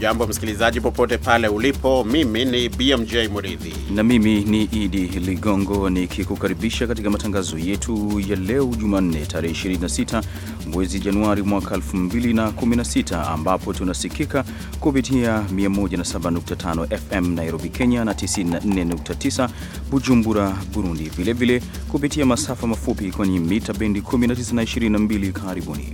Hujambo msikilizaji, popote pale ulipo. Mimi ni BMJ Muridhi na mimi ni Idi Ligongo nikikukaribisha katika matangazo yetu ya leo Jumanne tarehe 26 mwezi Januari mwaka 2016 ambapo tunasikika kupitia 107.5 FM Nairobi, Kenya na 94.9 Bujumbura, Burundi, vilevile kupitia masafa mafupi kwenye mita bendi 19 na 22. Karibuni.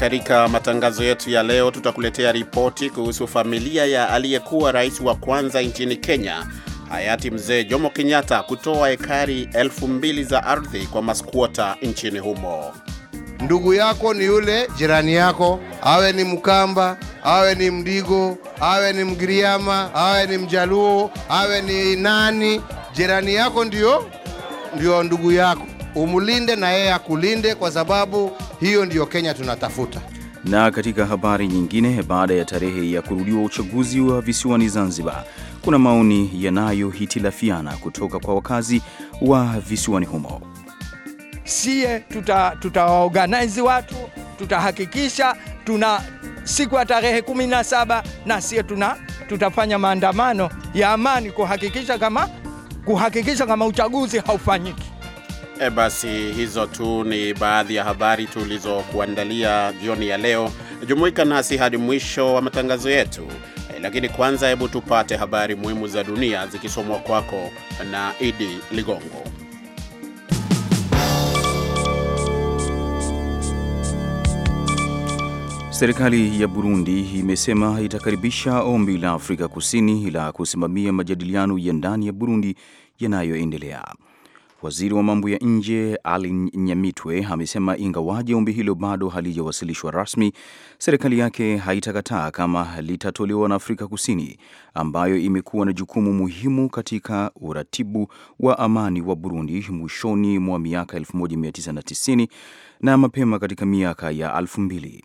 katika matangazo yetu ya leo tutakuletea ripoti kuhusu familia ya aliyekuwa rais wa kwanza nchini Kenya hayati mzee Jomo Kenyatta kutoa ekari elfu mbili za ardhi kwa maskuota nchini humo. Ndugu yako ni yule jirani yako, awe ni Mkamba, awe ni Mdigo, awe ni Mgiriama, awe ni Mjaluo, awe ni nani, jirani yako ndio ndio ndugu yako, umulinde na yeye akulinde, kwa sababu hiyo ndiyo Kenya tunatafuta. Na katika habari nyingine, baada ya tarehe ya kurudiwa uchaguzi wa visiwani Zanzibar, kuna maoni yanayohitilafiana kutoka kwa wakazi wa visiwani humo. Sie tutawaorganizi tuta watu tutahakikisha tuna siku ya tarehe 17 na na sie tuna tutafanya maandamano ya amani kuhakikisha kama, kuhakikisha kama uchaguzi haufanyiki. E, basi hizo tu ni baadhi ya habari tulizokuandalia jioni ya leo. Jumuika nasi hadi mwisho wa matangazo yetu, e, lakini kwanza, hebu tupate habari muhimu za dunia zikisomwa kwako na Idi Ligongo. Serikali ya Burundi imesema itakaribisha ombi la Afrika Kusini la kusimamia majadiliano ya ndani ya Burundi yanayoendelea. Waziri wa mambo ya nje Ali Nyamitwe amesema ingawaje ombi hilo bado halijawasilishwa rasmi, serikali yake haitakataa kama litatolewa na Afrika Kusini, ambayo imekuwa na jukumu muhimu katika uratibu wa amani wa Burundi mwishoni mwa miaka 1990 na mapema katika miaka ya 2000.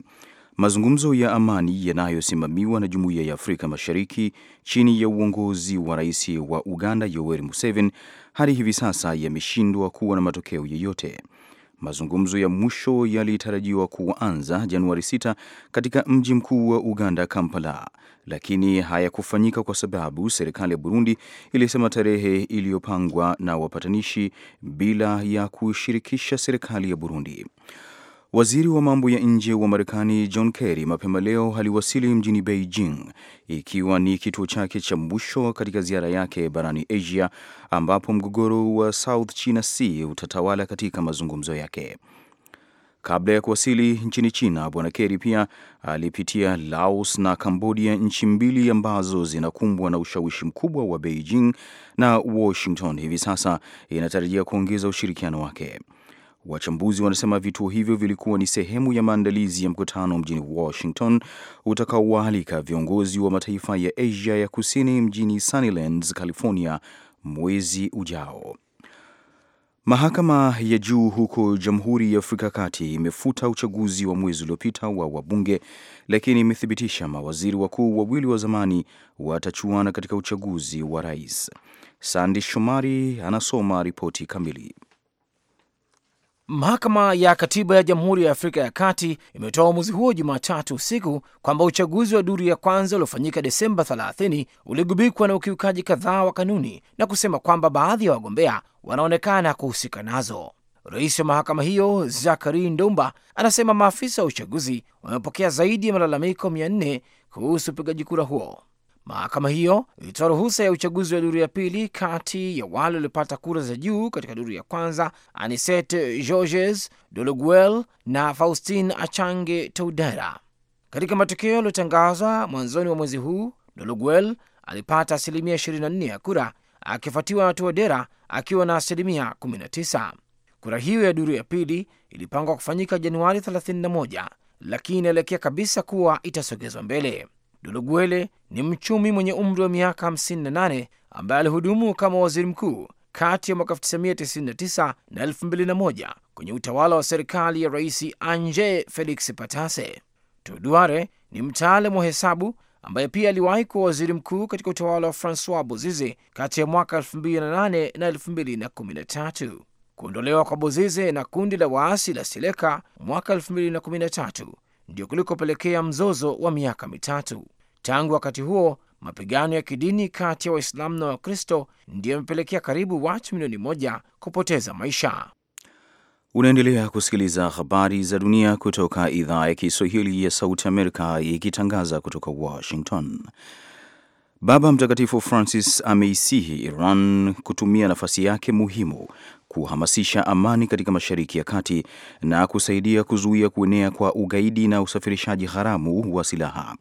Mazungumzo ya amani yanayosimamiwa na Jumuiya ya Afrika Mashariki chini ya uongozi wa Rais wa Uganda Yoweri Museveni hadi hivi sasa yameshindwa kuwa na matokeo yeyote. Mazungumzo ya mwisho yalitarajiwa kuanza Januari 6 katika mji mkuu wa Uganda, Kampala, lakini hayakufanyika kwa sababu serikali ya Burundi ilisema tarehe iliyopangwa na wapatanishi bila ya kushirikisha serikali ya Burundi. Waziri wa mambo ya nje wa Marekani John Kerry mapema leo aliwasili mjini Beijing ikiwa ni kituo chake cha mwisho katika ziara yake barani Asia ambapo mgogoro wa South China Sea utatawala katika mazungumzo yake. Kabla ya kuwasili nchini China, Bwana Kerry pia alipitia Laos na Kambodia, nchi mbili ambazo zinakumbwa na ushawishi mkubwa wa Beijing na Washington hivi sasa inatarajia kuongeza ushirikiano wake. Wachambuzi wanasema vituo hivyo vilikuwa ni sehemu ya maandalizi ya mkutano mjini Washington utakaowaalika viongozi wa mataifa ya Asia ya Kusini mjini Sunnylands, California mwezi ujao. Mahakama ya juu huko Jamhuri ya Afrika Kati imefuta uchaguzi wa mwezi uliopita wa wabunge, lakini imethibitisha mawaziri wakuu wawili wa zamani watachuana katika uchaguzi wa rais. Sandi Shomari anasoma ripoti kamili. Mahakama ya Katiba ya Jamhuri ya Afrika ya Kati imetoa uamuzi huo Jumatatu usiku kwamba uchaguzi wa duru ya kwanza uliofanyika Desemba 30 uligubikwa na ukiukaji kadhaa wa kanuni na kusema kwamba baadhi ya wagombea wanaonekana kuhusika nazo. Rais wa mahakama hiyo Zakari ndumba anasema maafisa wa uchaguzi wamepokea zaidi ya malalamiko 400 kuhusu upigaji kura huo. Mahakama hiyo ilitoa ruhusa ya uchaguzi wa duru ya pili kati ya wale waliopata kura za juu katika duru ya kwanza, Anisete Georges Dologuel na Faustin Achange Toudera. Katika matokeo yaliyotangazwa mwanzoni mwa mwezi huu, Dologuel alipata asilimia 24 ya kura akifuatiwa na Toudera akiwa na asilimia 19. Kura hiyo ya duru ya pili ilipangwa kufanyika Januari 31 lakini inaelekea kabisa kuwa itasogezwa mbele. Duluguele ni mchumi mwenye umri wa miaka 58 ambaye alihudumu kama waziri mkuu kati ya mwaka 1999 na 2001 kwenye utawala wa serikali ya Rais Anje Felix Patase. Toduare ni mtaalamu wa hesabu ambaye pia aliwahi kuwa waziri mkuu katika utawala wa Francois Bozize kati ya mwaka 2008 na 2013. Kuondolewa kwa Bozize na kundi la waasi la Seleka mwaka 2013 ndio kulikopelekea mzozo wa miaka mitatu. Tangu wakati huo mapigano ya kidini kati ya Waislamu na Wakristo ndiyo yamepelekea karibu watu milioni moja kupoteza maisha. Unaendelea kusikiliza habari za dunia kutoka idhaa ya Kiswahili ya Sauti Amerika ikitangaza kutoka Washington. Baba Mtakatifu Francis ameisihi Iran kutumia nafasi yake muhimu kuhamasisha amani katika Mashariki ya Kati na kusaidia kuzuia kuenea kwa ugaidi na usafirishaji haramu wa silaha.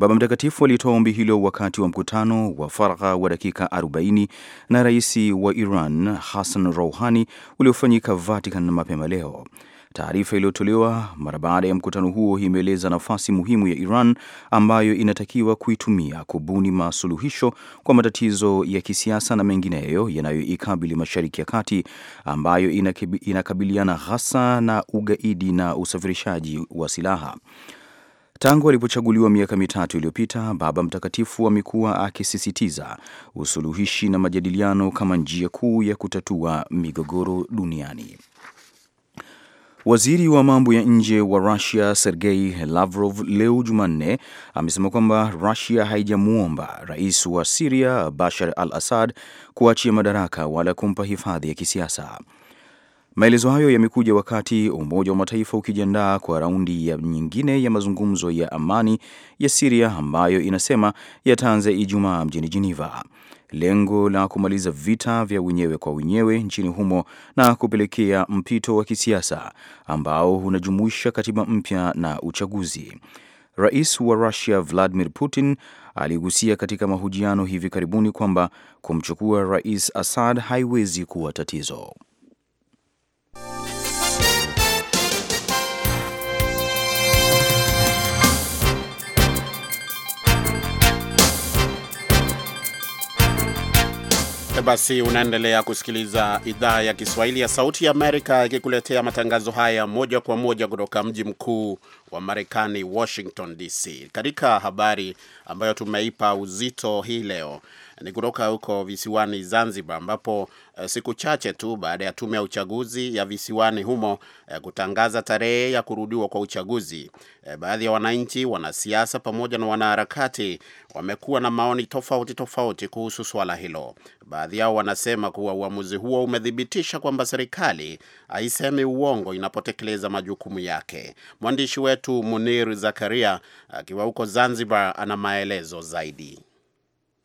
Baba Mtakatifu alitoa ombi hilo wakati wa mkutano wa faragha wa dakika 40 na rais wa Iran Hassan Rouhani uliofanyika Vatican mapema leo. Taarifa iliyotolewa mara baada ya mkutano huo imeeleza nafasi muhimu ya Iran ambayo inatakiwa kuitumia kubuni masuluhisho kwa matatizo ya kisiasa na mengineyo yanayoikabili Mashariki ya Kati ambayo inakabiliana hasa na ugaidi na usafirishaji wa silaha. Tangu alipochaguliwa miaka mitatu iliyopita, Baba Mtakatifu amekuwa akisisitiza usuluhishi na majadiliano kama njia kuu ya kutatua migogoro duniani. Waziri wa mambo ya nje wa Rusia Sergei Lavrov leo Jumanne amesema kwamba Rusia haijamwomba rais wa Siria Bashar al Assad kuachia madaraka wala kumpa hifadhi ya kisiasa. Maelezo hayo yamekuja wakati Umoja wa Mataifa ukijiandaa kwa raundi ya nyingine ya mazungumzo ya amani ya Siria ambayo inasema yataanza Ijumaa mjini Geneva. Lengo la kumaliza vita vya wenyewe kwa wenyewe nchini humo na kupelekea mpito wa kisiasa ambao unajumuisha katiba mpya na uchaguzi. Rais wa Russia Vladimir Putin aligusia katika mahojiano hivi karibuni kwamba kumchukua Rais Assad haiwezi kuwa tatizo. Basi unaendelea kusikiliza idhaa ya Kiswahili ya Sauti ya Amerika ikikuletea matangazo haya moja kwa moja kutoka mji mkuu wa Marekani, Washington DC. Katika habari ambayo tumeipa uzito hii leo ni kutoka huko visiwani Zanzibar, ambapo uh, siku chache tu baada ya tume ya uchaguzi ya visiwani humo uh, kutangaza tarehe ya kurudiwa kwa uchaguzi, uh, baadhi ya wananchi, wanasiasa pamoja na wanaharakati wamekuwa na maoni tofauti tofauti kuhusu swala hilo. Baadhi yao wanasema kuwa uamuzi huo umethibitisha kwamba serikali haisemi uongo inapotekeleza majukumu yake. Mwandishi wetu wetu Munir Zakaria akiwa huko Zanzibar ana maelezo zaidi.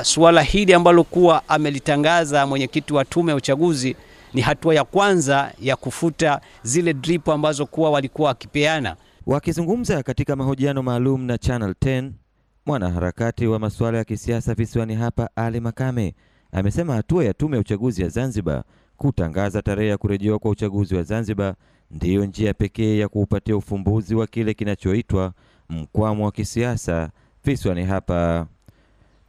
Suala hili ambalo kuwa amelitangaza mwenyekiti wa tume ya uchaguzi ni hatua ya kwanza ya kufuta zile drip ambazo kuwa walikuwa wakipeana. Wakizungumza katika mahojiano maalum na Channel 10, mwanaharakati wa masuala ya kisiasa visiwani hapa Ali Makame amesema hatua ya tume ya uchaguzi ya Zanzibar kutangaza tarehe ya kurejewa kwa uchaguzi wa Zanzibar ndiyo njia pekee ya kuupatia ufumbuzi wa kile kinachoitwa mkwamo wa kisiasa visiwani hapa.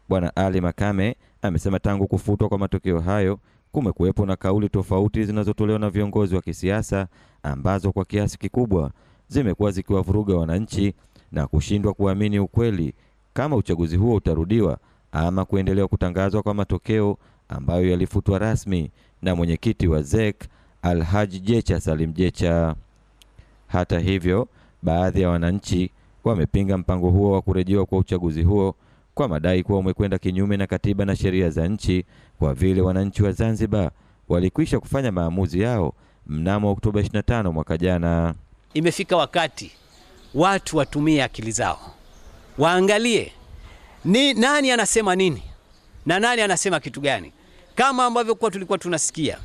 Bwana Ali Makame amesema tangu kufutwa kwa matokeo hayo kumekuwepo na kauli tofauti zinazotolewa na viongozi wa kisiasa ambazo kwa kiasi kikubwa zimekuwa zikiwavuruga wananchi na kushindwa kuamini ukweli kama uchaguzi huo utarudiwa ama kuendelea kutangazwa kwa matokeo ambayo yalifutwa rasmi na mwenyekiti wa ZEC Alhaji Jecha Salim Jecha. Hata hivyo, baadhi ya wananchi wamepinga mpango huo wa kurejewa kwa uchaguzi huo kwa madai kuwa umekwenda kinyume na katiba na sheria za nchi kwa vile wananchi wa Zanzibar walikwisha kufanya maamuzi yao mnamo Oktoba 25 mwaka jana. Imefika wakati watu watumie akili zao, waangalie ni nani anasema nini na nani anasema kitu gani, kama ambavyo kwa tulikuwa tunasikia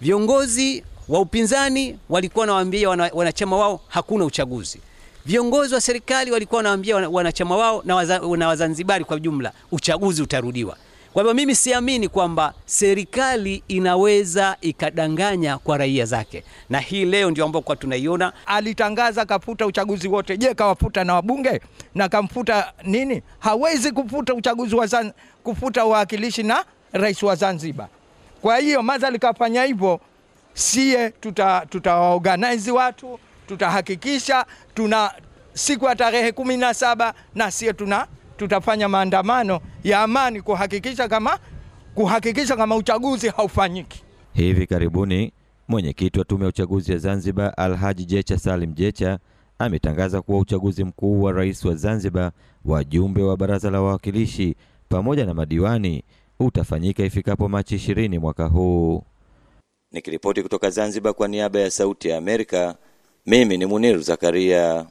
viongozi wa upinzani walikuwa wanawaambia wanachama wao hakuna uchaguzi. Viongozi wa serikali walikuwa wanawaambia wanachama wao na Wazanzibari kwa jumla uchaguzi utarudiwa. Kwa hivyo mimi siamini kwamba serikali inaweza ikadanganya kwa raia zake, na hii leo ndio ambao kwa tunaiona. Alitangaza kafuta uchaguzi wote. Je, kawafuta na wabunge na kamfuta nini? Hawezi kufuta uchaguzi wa Zan, kufuta wawakilishi na rais wa Zanzibar. Kwa hiyo madhali kafanya hivyo, sie tutawaorganize tuta watu tutahakikisha tuna siku ya tarehe kumi na saba na sie tuna tutafanya maandamano ya amani kuhakikisha kama, kuhakikisha kama uchaguzi haufanyiki. Hivi karibuni mwenyekiti wa tume ya uchaguzi ya Zanzibar Alhaji Jecha Salim Jecha ametangaza kuwa uchaguzi mkuu wa rais wa Zanzibar, wajumbe wa baraza la wawakilishi pamoja na madiwani utafanyika ifikapo Machi 20 mwaka huu. Nikiripoti kutoka Zanzibar kwa niaba ya Sauti ya Amerika, mimi ni Muniru Zakaria.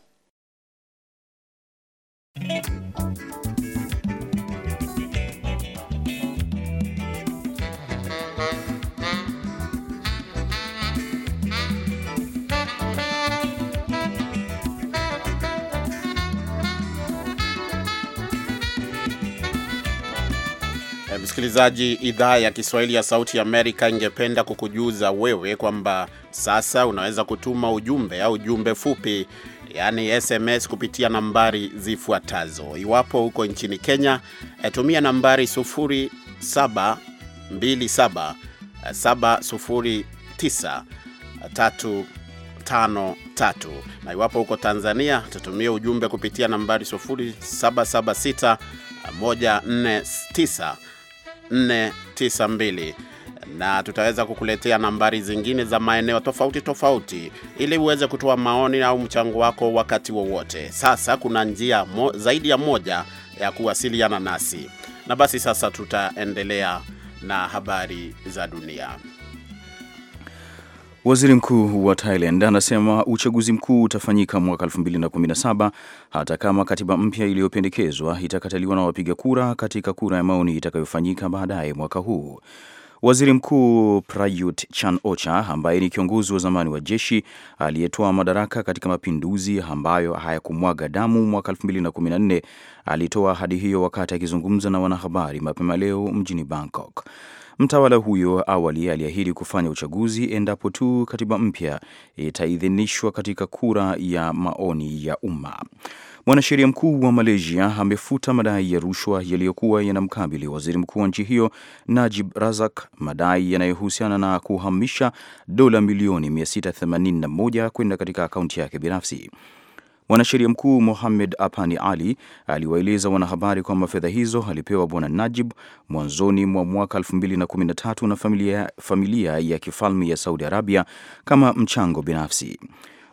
msikilizaji, idhaa ya Kiswahili ya Sauti ya Amerika ingependa kukujuza wewe kwamba sasa unaweza kutuma ujumbe au ujumbe fupi, yaani SMS, kupitia nambari zifuatazo. Iwapo huko nchini Kenya, eh, tumia nambari 0727 709 na iwapo huko Tanzania tutumie ujumbe kupitia nambari 0776 492 na tutaweza kukuletea nambari zingine za maeneo tofauti tofauti ili uweze kutoa maoni au mchango wako wakati wowote wa sasa. Kuna njia mo, zaidi ya moja ya kuwasiliana nasi, na basi sasa tutaendelea na habari za dunia. Waziri mkuu wa Thailand anasema uchaguzi mkuu utafanyika mwaka 2017 hata kama katiba mpya iliyopendekezwa itakataliwa na wapiga kura katika kura ya maoni itakayofanyika baadaye mwaka huu. Waziri Mkuu Prayut Chan-ocha ambaye ni kiongozi wa zamani wa jeshi aliyetoa madaraka katika mapinduzi ambayo hayakumwaga damu mwaka 2014 alitoa ahadi hiyo wakati akizungumza na wanahabari mapema leo mjini Bangkok. Mtawala huyo awali aliahidi kufanya uchaguzi endapo tu katiba mpya itaidhinishwa katika kura ya maoni ya umma. Mwanasheria mkuu wa Malaysia amefuta madai ya rushwa yaliyokuwa yanamkabili waziri mkuu wa nchi hiyo Najib Razak, madai yanayohusiana na kuhamisha dola milioni 681 kwenda katika akaunti yake binafsi. Mwanasheria mkuu Mohamed Apani Ali aliwaeleza wanahabari kwamba fedha hizo alipewa Bwana Najib mwanzoni mwa mwaka 2013 na familia, familia ya kifalme ya Saudi Arabia kama mchango binafsi.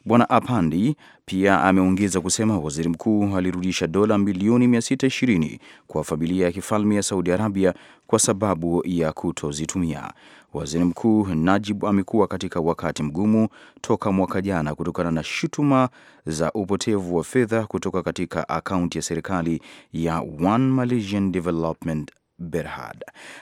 Bwana Apandi pia ameongeza kusema waziri mkuu alirudisha dola milioni 620 kwa familia ya kifalme ya Saudi Arabia kwa sababu ya kutozitumia. Waziri Mkuu Najib amekuwa katika wakati mgumu toka mwaka jana kutokana na shutuma za upotevu wa fedha kutoka katika akaunti ya serikali ya One Malaysian Development Berhad.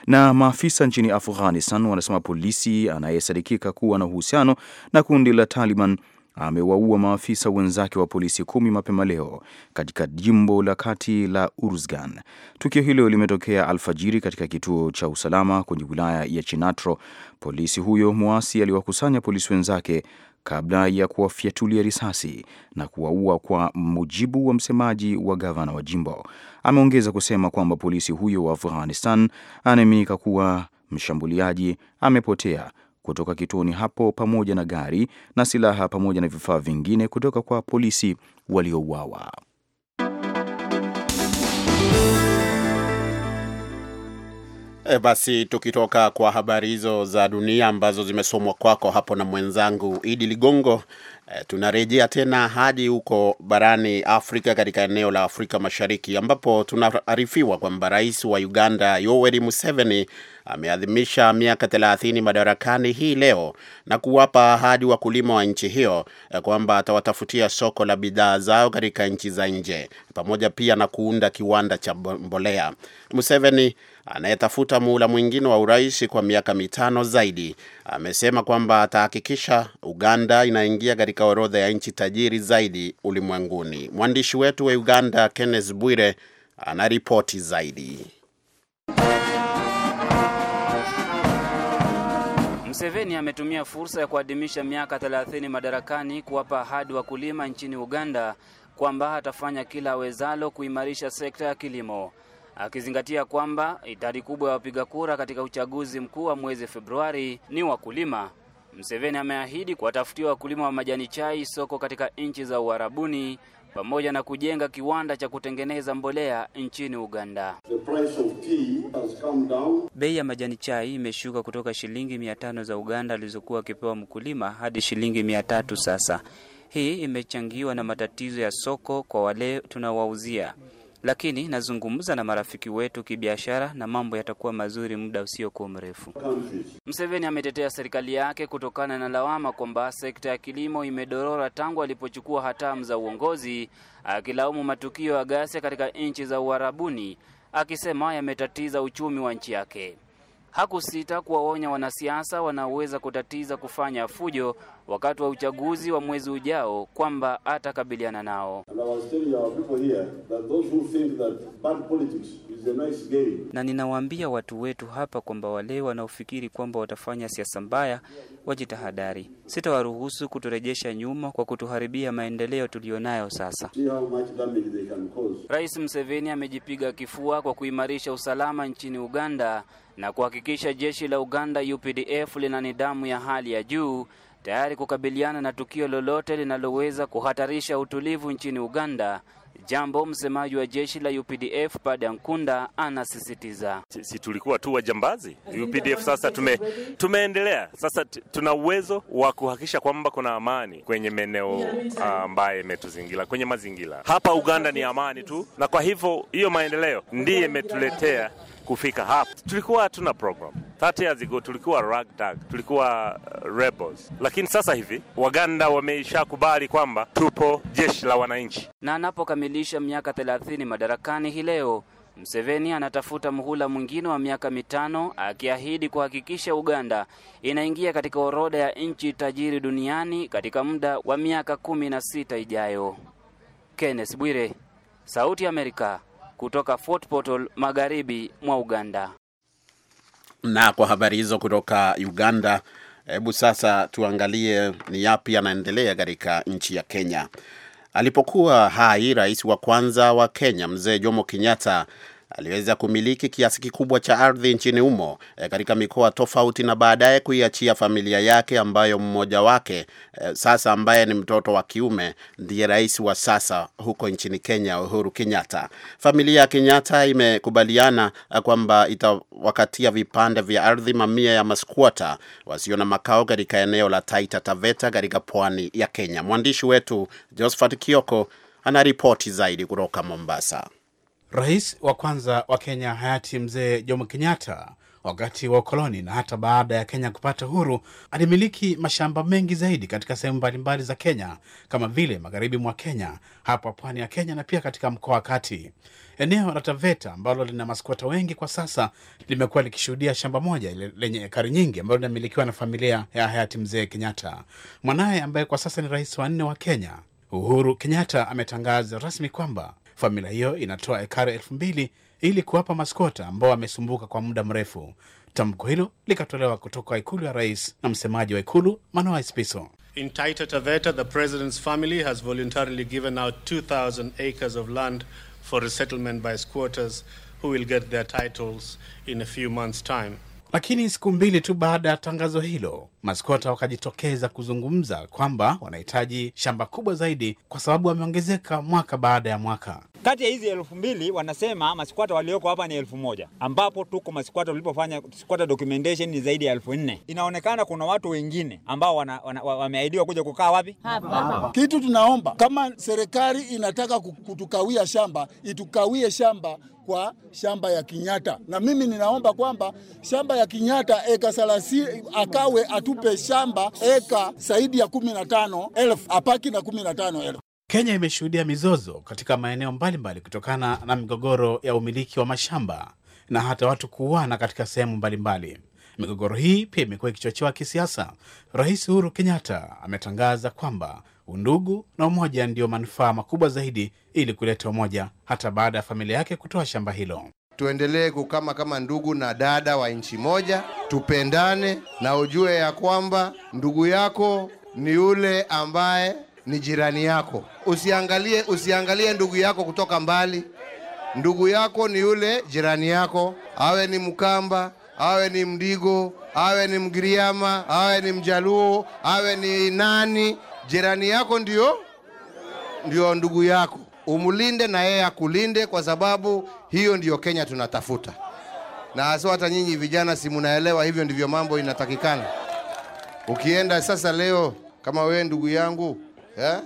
Na maafisa nchini Afghanistan wanasema polisi anayesadikika kuwa na uhusiano na kundi la Taliban amewaua maafisa wenzake wa polisi kumi mapema leo katika jimbo la kati la Urzgan. Tukio hilo limetokea alfajiri katika kituo cha usalama kwenye wilaya ya Chinatro. Polisi huyo mwasi aliwakusanya polisi wenzake kabla ya kuwafyatulia risasi na kuwaua, kwa mujibu wa msemaji wa gavana wa jimbo. Ameongeza kusema kwamba polisi huyo wa Afghanistan anaaminika kuwa mshambuliaji amepotea kutoka kituoni hapo pamoja na gari na silaha pamoja na vifaa vingine kutoka kwa polisi waliouawa. E, basi tukitoka kwa habari hizo za dunia ambazo zimesomwa kwako hapo na mwenzangu Idi Ligongo, Eh, tunarejea tena hadi huko barani Afrika, katika eneo la Afrika Mashariki ambapo tunaarifiwa kwamba rais wa Uganda Yoweri Museveni ameadhimisha miaka 30 madarakani hii leo na kuwapa ahadi wakulima wa nchi hiyo eh, kwamba atawatafutia soko la bidhaa zao katika nchi za nje, pamoja pia na kuunda kiwanda cha mbolea. Museveni anayetafuta muhula mwingine wa urais kwa miaka mitano zaidi, amesema kwamba atahakikisha Uganda inaingia katika orodha ya nchi tajiri zaidi ulimwenguni. Mwandishi wetu wa Uganda Kenneth Bwire anaripoti zaidi. Museveni ametumia fursa ya kuadhimisha miaka 30 madarakani kuwapa ahadi wakulima nchini Uganda kwamba atafanya kila awezalo kuimarisha sekta ya kilimo akizingatia kwamba idadi kubwa ya wapiga kura katika uchaguzi mkuu wa mwezi Februari ni wakulima. Mseveni ameahidi kuwatafutia wakulima wa majani chai soko katika nchi za Uarabuni pamoja na kujenga kiwanda cha kutengeneza mbolea nchini Uganda. Bei ya majani chai imeshuka kutoka shilingi mia tano za Uganda alizokuwa akipewa mkulima hadi shilingi mia tatu sasa. Hii imechangiwa na matatizo ya soko kwa wale tunawauzia lakini nazungumza na marafiki wetu kibiashara na mambo yatakuwa mazuri muda usiokuwa mrefu. Mseveni ametetea serikali yake kutokana na lawama kwamba sekta ya kilimo imedorora tangu alipochukua hatamu za uongozi, akilaumu matukio ya ghasia katika nchi za Uarabuni, akisema yametatiza uchumi wa nchi yake. Hakusita kuwaonya wanasiasa wanaoweza kutatiza kufanya fujo wakati wa uchaguzi wa mwezi ujao kwamba atakabiliana nao. Na ninawaambia watu wetu hapa kwamba wale wanaofikiri kwamba watafanya siasa mbaya wajitahadari. Sitawaruhusu kuturejesha nyuma kwa kutuharibia maendeleo tuliyonayo sasa. Rais Museveni amejipiga kifua kwa kuimarisha usalama nchini Uganda na kuhakikisha jeshi la Uganda UPDF lina nidhamu ya hali ya juu tayari kukabiliana na tukio lolote linaloweza kuhatarisha utulivu nchini Uganda. Jambo msemaji wa jeshi la UPDF Pada Nkunda anasisitiza, si tulikuwa tu wajambazi UPDF. Sasa tume, tumeendelea sasa, tuna uwezo wa kuhakikisha kwamba kuna amani kwenye maeneo ah, ambayo imetuzingira kwenye mazingira hapa Uganda. Ni amani tu, na kwa hivyo hiyo maendeleo ndiye imetuletea kufika hapa. Tulikuwa hatuna program 30 years ago, tulikuwa ragtag, tulikuwa uh, rebels, lakini sasa hivi Waganda kubali kwamba tupo jeshi la wananchi. Na anapokamilisha miaka 30 madarakani hii leo Mseveni anatafuta muhula mwingine wa miaka mitano akiahidi kuhakikisha Uganda inaingia katika orodha ya nchi tajiri duniani katika muda wa miaka kumi na sita ijayo. Kenneth Bwire, Sauti ya Amerika, kutoka Fort Portal magharibi mwa Uganda. Na kwa habari hizo kutoka Uganda, hebu sasa tuangalie ni yapi yanaendelea katika nchi ya Kenya. Alipokuwa hai rais wa kwanza wa Kenya Mzee Jomo Kenyatta aliweza kumiliki kiasi kikubwa cha ardhi nchini humo e, katika mikoa tofauti na baadaye kuiachia familia yake ambayo mmoja wake e, sasa ambaye ni mtoto wa kiume ndiye rais wa sasa huko nchini Kenya Uhuru Kenyatta. Familia ya Kenyatta imekubaliana eh, kwamba itawakatia vipande vya ardhi mamia ya maskwota wasio na makao katika eneo la Taita Taveta katika pwani ya Kenya. Mwandishi wetu Josephat Kioko ana ripoti zaidi kutoka Mombasa. Rais wa kwanza wa Kenya hayati Mzee Jomo Kenyatta wakati wa ukoloni na hata baada ya Kenya kupata uhuru alimiliki mashamba mengi zaidi katika sehemu mbalimbali za Kenya kama vile magharibi mwa Kenya, hapa pwani ya Kenya na pia katika mkoa wa kati. Eneo la Taveta ambalo lina maskwota wengi kwa sasa limekuwa likishuhudia shamba moja lenye ekari nyingi ambalo linamilikiwa na familia ya hayati Mzee Kenyatta. Mwanaye ambaye kwa sasa ni rais wa nne wa Kenya, Uhuru Kenyatta, ametangaza rasmi kwamba Familia hiyo inatoa ekari elfu mbili ili kuwapa maskota ambao wamesumbuka kwa muda mrefu. Tamko hilo likatolewa kutoka ikulu ya rais na msemaji wa ikulu Manoa spiso In Taita Taveta, the president's family has voluntarily given out 2000 acres of land for resettlement by squatters who will get their titles in a few months time. Lakini siku mbili tu baada ya tangazo hilo, maskota wakajitokeza kuzungumza kwamba wanahitaji shamba kubwa zaidi kwa sababu wameongezeka mwaka baada ya mwaka. Kati ya hizi elfu mbili wanasema masikwata walioko hapa ni elfu moja ambapo tuko masikwata tulipofanya sikwata documentation ni zaidi ya elfu nne. Inaonekana kuna watu wengine ambao wameahidiwa kuja kukaa wapi Kitu tunaomba kama serikali inataka kutukawia shamba itukawie shamba kwa shamba ya Kinyatta, na mimi ninaomba kwamba shamba ya kinyata eka salasi, akawe atupe shamba eka zaidi ya kumi na tano elfu apaki na kumi na tano elfu. Kenya imeshuhudia mizozo katika maeneo mbalimbali kutokana na migogoro ya umiliki wa mashamba na hata watu kuuana katika sehemu mbalimbali. Migogoro hii pia imekuwa ikichochewa kisiasa. Rais Uhuru Kenyatta ametangaza kwamba undugu na umoja ndiyo manufaa makubwa zaidi ili kuleta umoja hata baada ya familia yake kutoa shamba hilo. Tuendelee kukama kama ndugu na dada wa nchi moja, tupendane na ujue ya kwamba ndugu yako ni yule ambaye ni jirani yako usiangalie, usiangalie ndugu yako kutoka mbali. Ndugu yako ni yule jirani yako, awe ni Mkamba, awe ni Mdigo, awe ni Mgiriama, awe ni Mjaluo, awe ni nani, jirani yako ndio ndio ndugu yako, umulinde na yeye akulinde, kwa sababu hiyo ndiyo Kenya tunatafuta. Na hasa hata nyinyi vijana, si mnaelewa? hivyo ndivyo mambo inatakikana. Ukienda sasa leo kama wewe ndugu yangu yeah?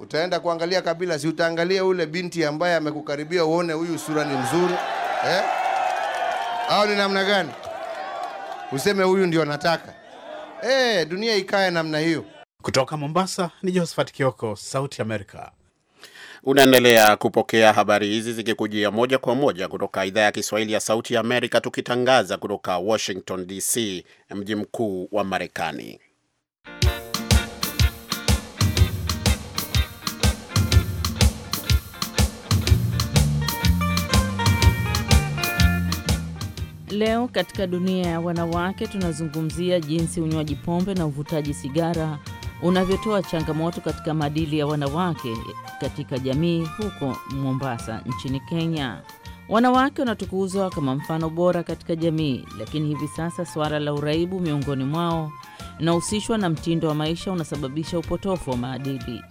Utaenda kuangalia kabila, si utaangalia ule binti ambaye amekukaribia uone huyu sura ni mzuri eh? Au ni namna gani? Useme huyu ndio nataka eh, dunia ikae namna hiyo. Kutoka Mombasa ni Josephat Kioko, Sauti Amerika. Unaendelea kupokea habari hizi zikikujia moja kwa moja kutoka idhaa ya Kiswahili ya Sauti ya Amerika, tukitangaza kutoka Washington DC, mji mkuu wa Marekani. Leo katika dunia ya wanawake tunazungumzia jinsi unywaji pombe na uvutaji sigara unavyotoa changamoto katika maadili ya wanawake katika jamii huko Mombasa nchini Kenya. Wanawake wanatukuzwa kama mfano bora katika jamii, lakini hivi sasa suala la uraibu miongoni mwao inahusishwa na mtindo wa maisha unasababisha upotofu wa maadili.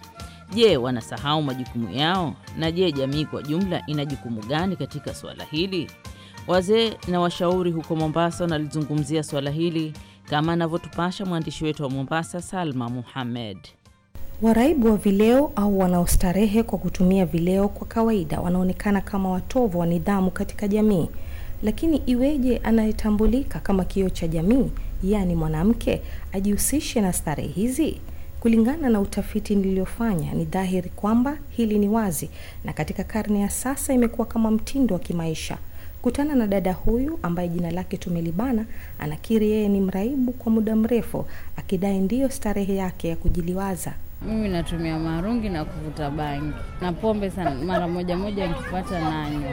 Je, wanasahau majukumu yao? Na je, jamii kwa jumla ina jukumu gani katika suala hili? Wazee na washauri huko Mombasa wanalizungumzia swala hili kama anavyotupasha mwandishi wetu wa Mombasa, Salma Muhammed. Waraibu wa vileo au wanaostarehe kwa kutumia vileo kwa kawaida wanaonekana kama watovu wa nidhamu katika jamii, lakini iweje anayetambulika kama kioo cha jamii, yaani mwanamke, ajihusishe na starehe hizi? Kulingana na utafiti niliyofanya, ni dhahiri kwamba hili ni wazi, na katika karne ya sasa imekuwa kama mtindo wa kimaisha Kutana na dada huyu ambaye jina lake tumelibana, anakiri yeye ni mraibu kwa muda mrefu, akidai ndiyo starehe yake ya kujiliwaza. Mimi natumia marungi na kuvuta bangi na pombe sana, mara moja moja nikipata nanywa,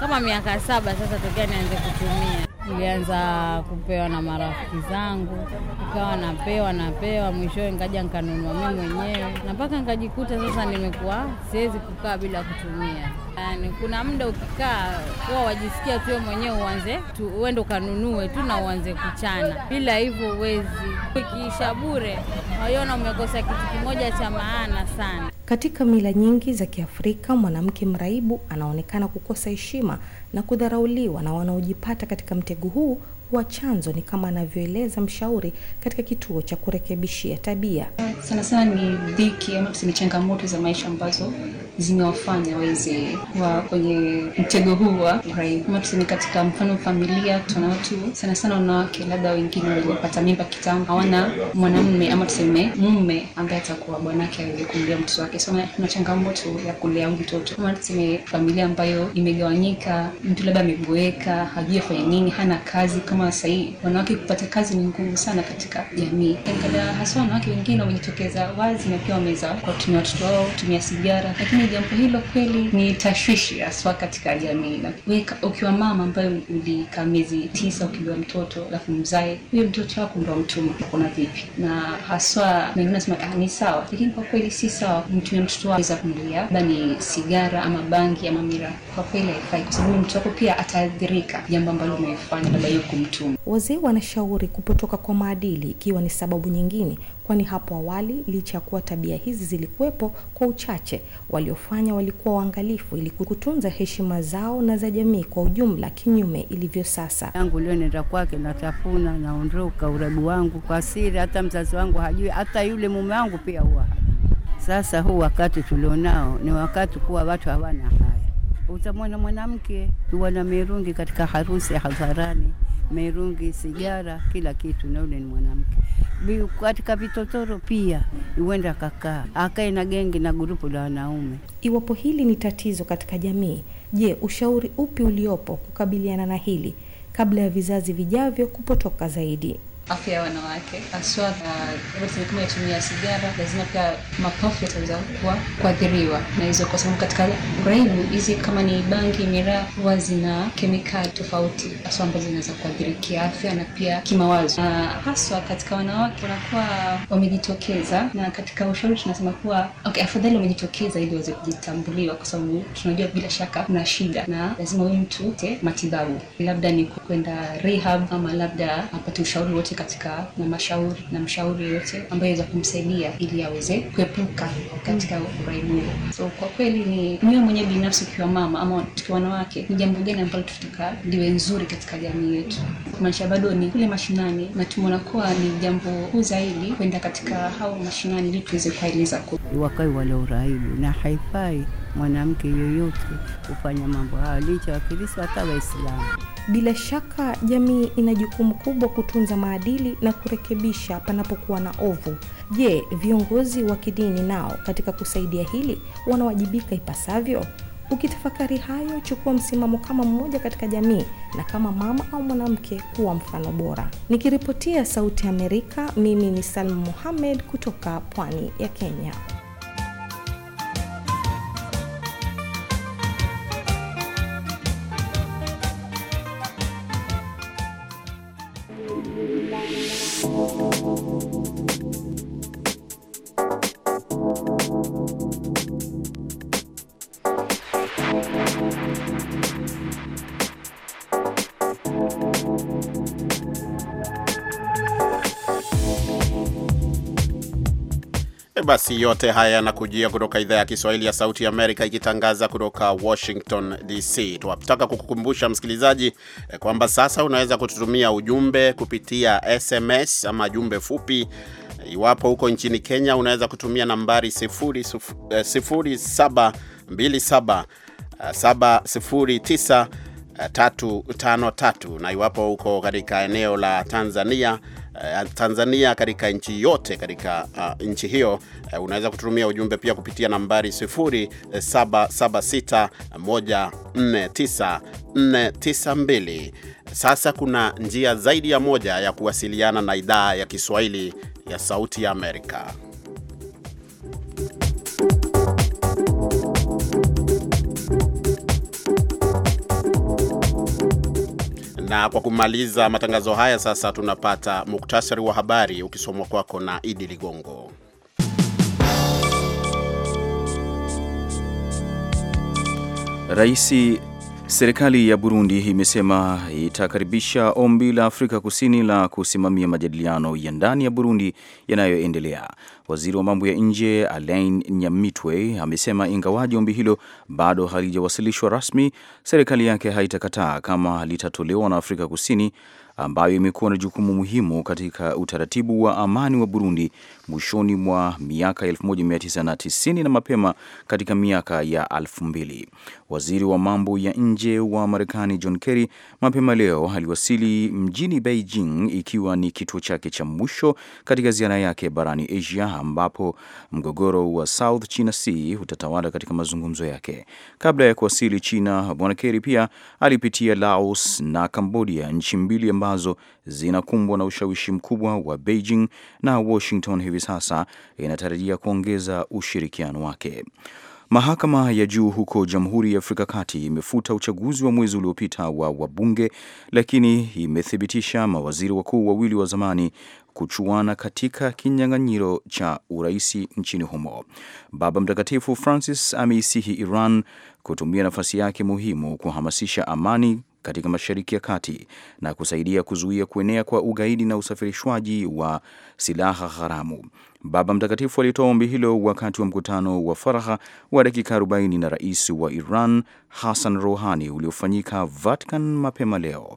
kama miaka saba sasa tokea nianze kutumia Nilianza kupewa na marafiki zangu, nikawa napewa napewa, mwishowe nkaja nkanunua mimi mwenyewe, na mpaka nkajikuta sasa nimekuwa siwezi kukaa bila kutumia. Yani, kuna muda ukikaa huwa wajisikia tuwe mwenyewe uanze tu, uende ukanunue tu na uanze kuchana, bila hivyo uwezi. Ikiisha bure, waiona umekosa kitu kimoja cha maana sana. Katika mila nyingi za Kiafrika, mwanamke mraibu anaonekana kukosa heshima na kudharauliwa, na wanaojipata katika mtego huu kuwa chanzo ni kama anavyoeleza mshauri katika kituo cha kurekebishia tabia. Sana sana ni dhiki ama tuseme changamoto za maisha ambazo zimewafanya waweze kuwa kwenye mtego huu wa urai, Kama tuseme katika mfano familia, tuna watu sana sana wanawake, labda wengine waliopata mimba kitambo, hawana mwanamume ama tuseme mume ambaye atakuwa bwanake aweze kumlea mtoto wake. So kuna changamoto ya kulea mtoto, kama tuseme familia ambayo imegawanyika, mtu labda ameboeka, hajui afanye nini, hana kazi kama kama sasa wanawake kupata kazi ni ngumu sana katika jamii. Angalia hasa wanawake wengine wamejitokeza wazi na pia wameweza kwa kutumia watoto wao kutumia sigara, lakini jambo hilo kweli ni tashwishi haswa katika jamii. Na ukiwa mama ambaye ulikaa miezi tisa ukibeba mtoto alafu mzae huyo mtoto wako ndo mtumwa, kuna vipi? Na haswa wengine nasema ah, ni sawa, lakini kwa kweli si sawa kumtumia mtoto wako weza kumlia bani sigara ama bangi ama miraa. Kwa kweli haifai, kwa sababu mtoto wako pia ataathirika jambo ambalo umefanya labda hiyo kum Khartoum. Wazee wanashauri kupotoka kwa maadili ikiwa ni sababu nyingine, kwani hapo awali licha ya kuwa tabia hizi zilikuwepo kwa uchache, waliofanya walikuwa waangalifu ili kutunza heshima zao na za jamii kwa ujumla, kinyume ilivyo sasa. yangu nenda kwake, natafuna naondoka, urabu wangu kwa siri, hata mzazi wangu hajui, hata yule mume wangu pia huwa sasa huu wakati tulionao ni wakati kuwa watu hawana haya. Utamwona mwanamke na merungi katika harusi ya hadharani, merungi, sigara, kila kitu, na yule ni mwanamke. Katika vitotoro pia huenda akakaa akae na gengi na gurupu la wanaume. Iwapo hili ni tatizo katika jamii, je, ushauri upi uliopo kukabiliana na hili kabla ya vizazi vijavyo kupotoka zaidi? afya ya wanawake haswa uh, kama yatumia sigara, lazima pia mapafu yataweza kuwa kuathiriwa na hizo, kwa sababu katika raibu hizi kama ni bangi, miraa huwa zina kemikali tofauti haswa ambazo zinaweza kuathiri kiafya na pia kimawazo, na uh, haswa katika wanawake wanakuwa wamejitokeza. Na katika ushauri tunasema kuwa okay, afadhali wamejitokeza ili waweze kujitambuliwa, kwa sababu tunajua bila shaka kuna shida na lazima huyu mtu te matibabu, labda ni kwenda rehab ama labda apate ushauri wote yoyote katika mashauri na mshauri yoyote ambayo aweza kumsaidia ili aweze kuepuka katika uraibu huo. So kwa kweli ni mimi mwenyewe binafsi, ukiwa mama ama tukiwa wanawake, ni jambo gani ambalo tunataka liwe nzuri katika jamii yetu, Maisha bado ni kule mashinani, na tumeona kuwa ni jambo kuu zaidi kwenda katika hao mashinani ili tuweze kuwaeleza wakae wale uraibu na haifai mwanamke yoyote kufanya mambo hayo, licha Wakristo hata Waislamu. Bila shaka jamii ina jukumu kubwa kutunza maadili na kurekebisha panapokuwa na ovu. Je, viongozi wa kidini nao katika kusaidia hili wanawajibika ipasavyo? Ukitafakari hayo, chukua msimamo kama mmoja katika jamii na kama mama au mwanamke kuwa mfano bora. Nikiripotia Sauti ya Amerika, mimi ni Salma muhammed kutoka pwani ya Kenya. E, basi yote haya yanakujia kutoka idhaa ya Kiswahili ya Sauti Amerika ikitangaza kutoka Washington DC. Tunataka kukukumbusha msikilizaji eh, kwamba sasa unaweza kututumia ujumbe kupitia SMS ama jumbe fupi. Iwapo huko nchini Kenya unaweza kutumia nambari 0727 eh, eh, na iwapo huko katika eneo la Tanzania Eh, Tanzania katika nchi yote katika uh, nchi hiyo uh, unaweza kututumia ujumbe pia kupitia nambari 0776149492. Sasa kuna njia zaidi ya moja ya kuwasiliana na idhaa ya Kiswahili ya Sauti ya Amerika. Na kwa kumaliza matangazo haya sasa, tunapata muktasari wa habari ukisomwa kwako na Idi Ligongo. Raisi Serikali ya Burundi imesema itakaribisha ombi la Afrika Kusini la kusimamia majadiliano ya ndani ya Burundi yanayoendelea. Waziri wa mambo ya nje Alain Nyamitwe amesema ingawaji ombi hilo bado halijawasilishwa rasmi, serikali yake haitakataa kama litatolewa na Afrika Kusini ambayo imekuwa na jukumu muhimu katika utaratibu wa amani wa Burundi mwishoni mwa miaka 1990 na mapema katika miaka ya 2000. Waziri wa mambo ya nje wa Marekani John Kerry mapema leo aliwasili mjini Beijing, ikiwa ni kituo chake cha mwisho katika ziara yake barani Asia, ambapo mgogoro wa South China Sea utatawala katika mazungumzo yake. Kabla ya kuwasili China, Bwana Kerry pia alipitia Laos na Cambodia, nchi mbili ambazo zinakumbwa na ushawishi mkubwa wa Beijing na Washington hivi sasa inatarajia kuongeza ushirikiano wake. Mahakama ya juu huko Jamhuri ya Afrika Kati imefuta uchaguzi wa mwezi uliopita wa wabunge, lakini imethibitisha mawaziri wakuu wawili wa zamani kuchuana katika kinyang'anyiro cha uraisi nchini humo. Baba Mtakatifu Francis ameisihi Iran kutumia nafasi yake muhimu kuhamasisha amani katika Mashariki ya Kati na kusaidia kuzuia kuenea kwa ugaidi na usafirishwaji wa silaha haramu. Baba Mtakatifu alitoa ombi hilo wakati wa mkutano wa faraha wa dakika 40 na rais wa Iran Hassan Rouhani uliofanyika Vatican mapema leo.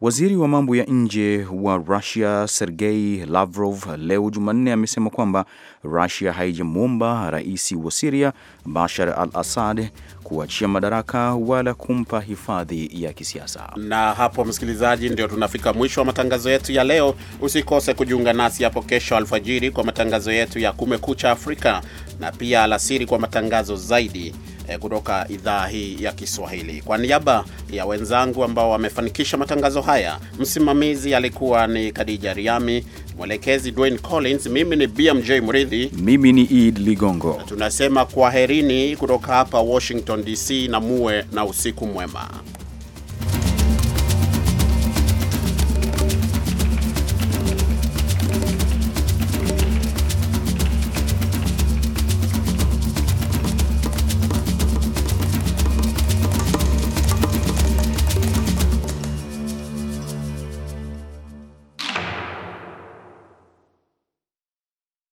Waziri wa mambo ya nje wa Russia Sergei Lavrov leo Jumanne amesema kwamba Rusia mumba rais wa Siria Bashar al Assad kuachia madaraka wala kumpa hifadhi ya kisiasa. Na hapo, msikilizaji, ndio tunafika mwisho wa matangazo yetu ya leo. Usikose kujiunga nasi hapo kesho alfajiri kwa matangazo yetu ya Kumekucha Afrika na pia alasiri kwa matangazo zaidi Eh, kutoka idhaa hii ya Kiswahili. Kwa niaba ya wenzangu ambao wamefanikisha matangazo haya, msimamizi alikuwa ni kadija Riami, mwelekezi Dwayne Collins, mimi ni BMJ Mridhi, mimi ni Ed Ligongo. Tunasema kwaherini kutoka hapa Washington DC, na muwe na usiku mwema.